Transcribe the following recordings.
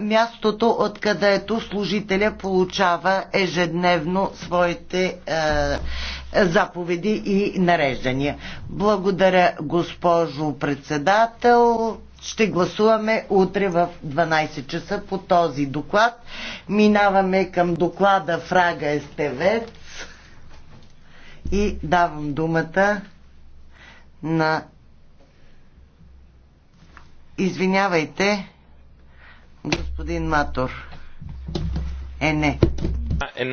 мястото, откъдето служителя получава ежедневно своите е, заповеди и нареждания. Благодаря, госпожо председател. Ще гласуваме утре в 12 часа по този доклад. Минаваме към доклада Фрага Естевец и давам думата на Извинявайте. Господин Матор. Е, не. Е,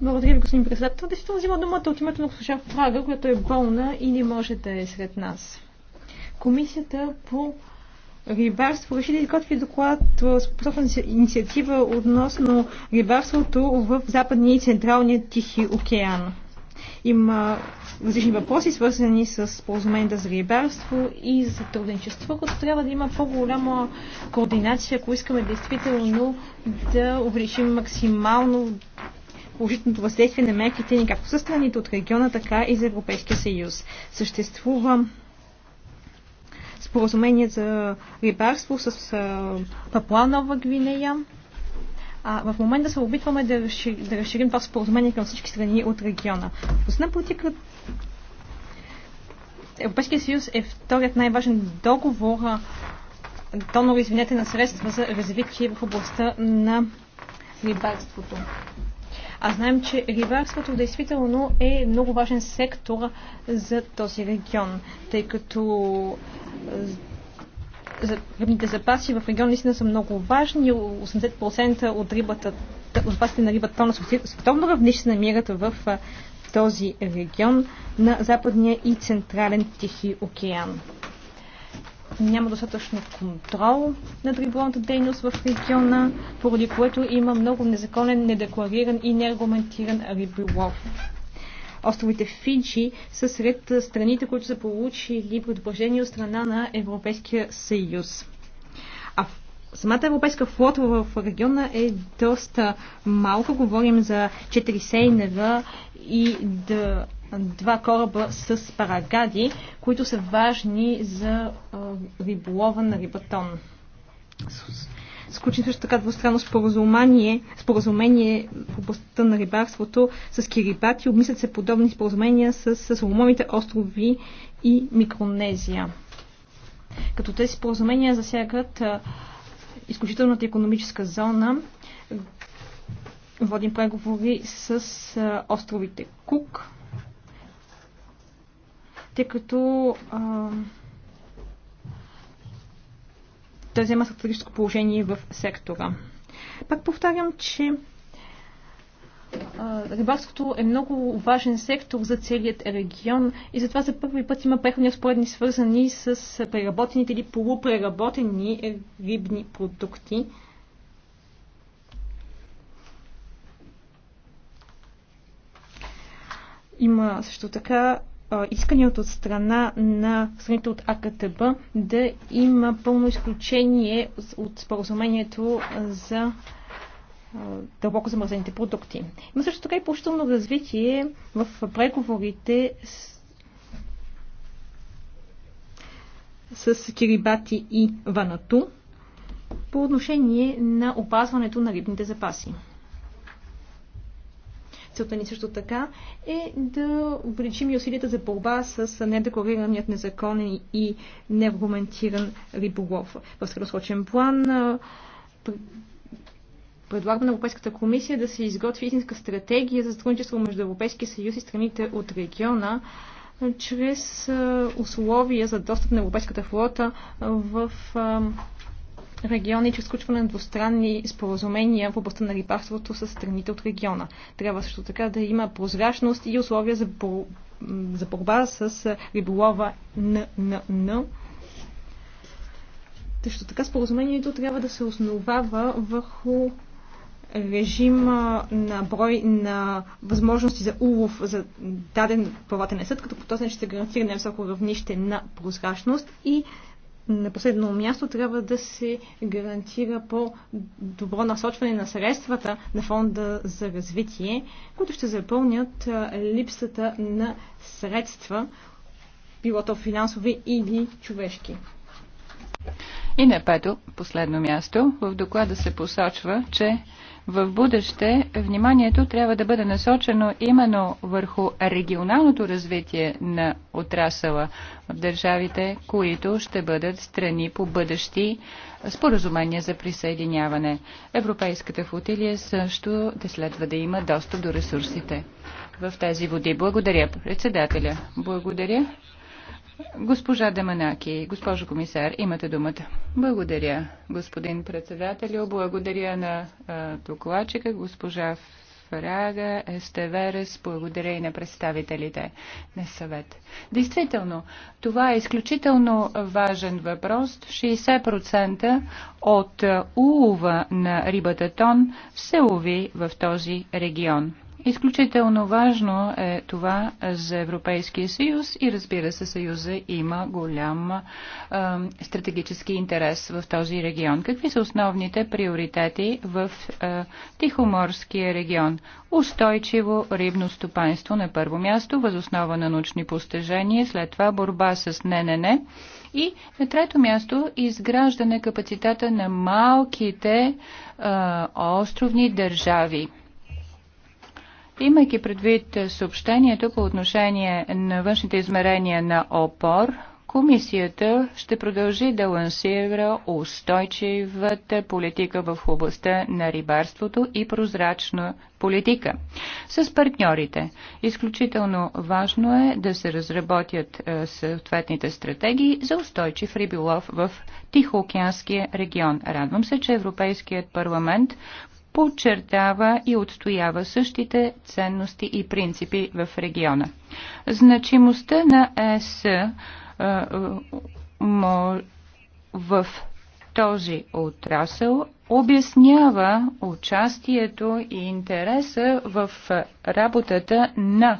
Благодаря ви, господин председател. Действително взима думата от името на госпожа Фрага, която е болна и не може да е сред нас. Комисията по рибарство реши да изготви доклад с посочна инициатива относно рибарството в Западния и Централния Тихи океан. Има различни въпроси, свързани с споразумението за рибарство и за трудничество, като трябва да има по-голяма координация, ако искаме действително да увеличим максимално положителното въздействие на мерките ни както с страните от региона, така и за Европейския съюз. Съществува споразумение за рибарство с Папуа Нова Гвинея а в момента се опитваме да, разшир, да разширим това споразумение към всички страни от региона. Основна политика Европейския съюз е вторият най-важен договор, донор, извинете, на средства за развитие в областта на рибарството. А знаем, че рибарството действително е много важен сектор за този регион, тъй като рибните запаси в региона наистина са много важни. 80% от рибата, от запасите на рибата на световно равнище се намират в този регион на Западния и Централен Тихи океан. Няма достатъчно контрол над риболовната дейност в региона, поради което има много незаконен, недеклариран и нерегламентиран риболов островите Фиджи са сред страните, които са получили предупреждение от страна на Европейския съюз. А самата европейска флота в региона е доста малка. Говорим за 4 сейнера и да два кораба с парагади, които са важни за риболова на рибатон сключи също така двустранно споразумение, споразумение в областта на рибарството с Кирибати. Обмислят се подобни споразумения с Соломоните острови и Микронезия. Като тези споразумения засягат изключителната економическа зона, водим преговори с островите Кук, тъй като да взема стратегическо положение в сектора. Пак повтарям, че рибарството е много важен сектор за целият регион и затова за първи път има преходни споредни свързани с преработените или полупреработени рибни продукти. Има също така исканията от страна на страните от АКТБ да има пълно изключение от споразумението за дълбоко замързените продукти. Има също така и положително развитие в преговорите с, с Кирибати и Ванату по отношение на опазването на рибните запаси. Целта ни също така е да увеличим и усилията за борба с недекларираният незаконен и неаргументиран риболов. В средосрочен план предлагаме на Европейската комисия да се изготви истинска стратегия за сътрудничество между Европейския съюз и страните от региона чрез условия за достъп на Европейската флота в региони чрез сключване на двустранни споразумения в областта на рибарството с страните от региона. Трябва също така да има прозрачност и условия за, бор... за борба с риболова на, на, на. Също така споразумението трябва да се основава върху режим на брой на възможности за улов за даден плавателен съд, като по този начин се гарантира най-високо равнище на прозрачност и на последно място трябва да се гарантира по-добро насочване на средствата на фонда за развитие, които ще запълнят липсата на средства, било то финансови или човешки. И на пето, последно място, в доклада се посочва, че в бъдеще вниманието трябва да бъде насочено именно върху регионалното развитие на отрасъла в държавите, които ще бъдат страни по бъдещи споразумения за присъединяване. Европейската флотилия също да следва да има достъп до ресурсите в тези води. Благодаря, председателя. Благодаря. Госпожа Деманаки, госпожо комисар, имате думата. Благодаря, господин председател, Благодаря на докладчика, госпожа Фрага, Естеверес, благодаря и на представителите на съвет. Действително, това е изключително важен въпрос. 60% от улова на рибата тон се лови в този регион. Изключително важно е това за Европейския съюз и разбира се, съюза има голям а, стратегически интерес в този регион. Какви са основните приоритети в а, Тихоморския регион? Устойчиво рибно стопанство на първо място, възоснова на научни постижения, след това борба с ННН и на трето място изграждане капацитета на малките а, островни държави Имайки предвид съобщението по отношение на външните измерения на ОПОР, Комисията ще продължи да лансира устойчивата политика в областта на рибарството и прозрачна политика с партньорите. Изключително важно е да се разработят е, съответните стратегии за устойчив риболов в Тихоокеанския регион. Радвам се, че Европейският парламент подчертава и отстоява същите ценности и принципи в региона. Значимостта на ЕС е, е, в този отрасъл обяснява участието и интереса в работата на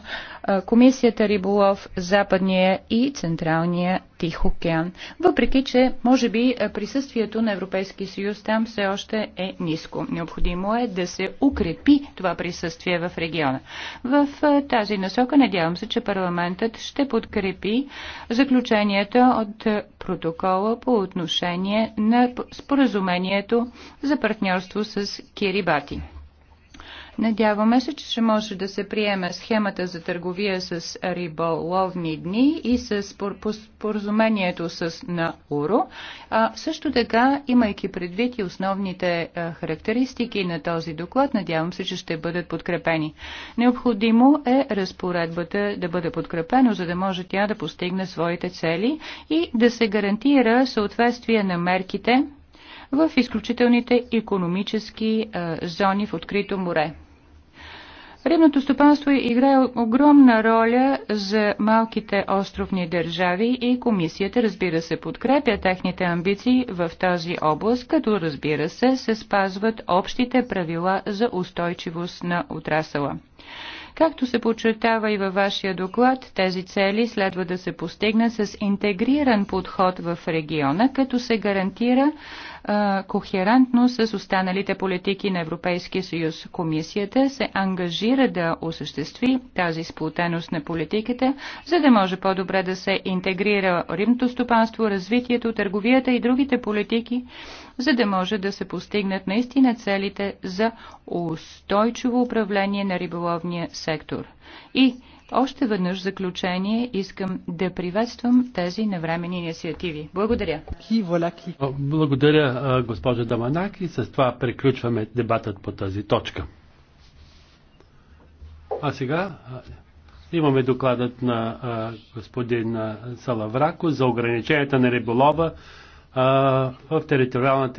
Комисията Риболов Западния и Централния Тих океан. Въпреки, че може би присъствието на Европейския съюз там все още е ниско. Необходимо е да се укрепи това присъствие в региона. В тази насока надявам се, че парламентът ще подкрепи заключенията от протокола по отношение на споразумението за партньорство с Кирибати. Надяваме се, че ще може да се приеме схемата за търговия с риболовни дни и с споразумението с Науру. А, също така, имайки предвид и основните а, характеристики на този доклад, надявам се, че ще бъдат подкрепени. Необходимо е разпоредбата да бъде подкрепено, за да може тя да постигне своите цели и да се гарантира съответствие на мерките в изключителните економически а, зони в открито море. Рибното стопанство играе огромна роля за малките островни държави и комисията, разбира се, подкрепя техните амбиции в тази област, като разбира се, се спазват общите правила за устойчивост на отрасъла. Както се подчертава и във вашия доклад, тези цели следва да се постигнат с интегриран подход в региона, като се гарантира а, кохерентно с останалите политики на Европейския съюз. Комисията се ангажира да осъществи тази сплутеност на политиката, за да може по-добре да се интегрира римто стопанство, развитието, търговията и другите политики, за да може да се постигнат наистина целите за устойчиво управление на риболовния сектор. И още веднъж в заключение искам да приветствам тези навремени инициативи. Благодаря. Благодаря, госпожа Даманак, и с това приключваме дебатът по тази точка. А сега имаме докладът на господин Салаврако за ограниченията на риболова в териториалните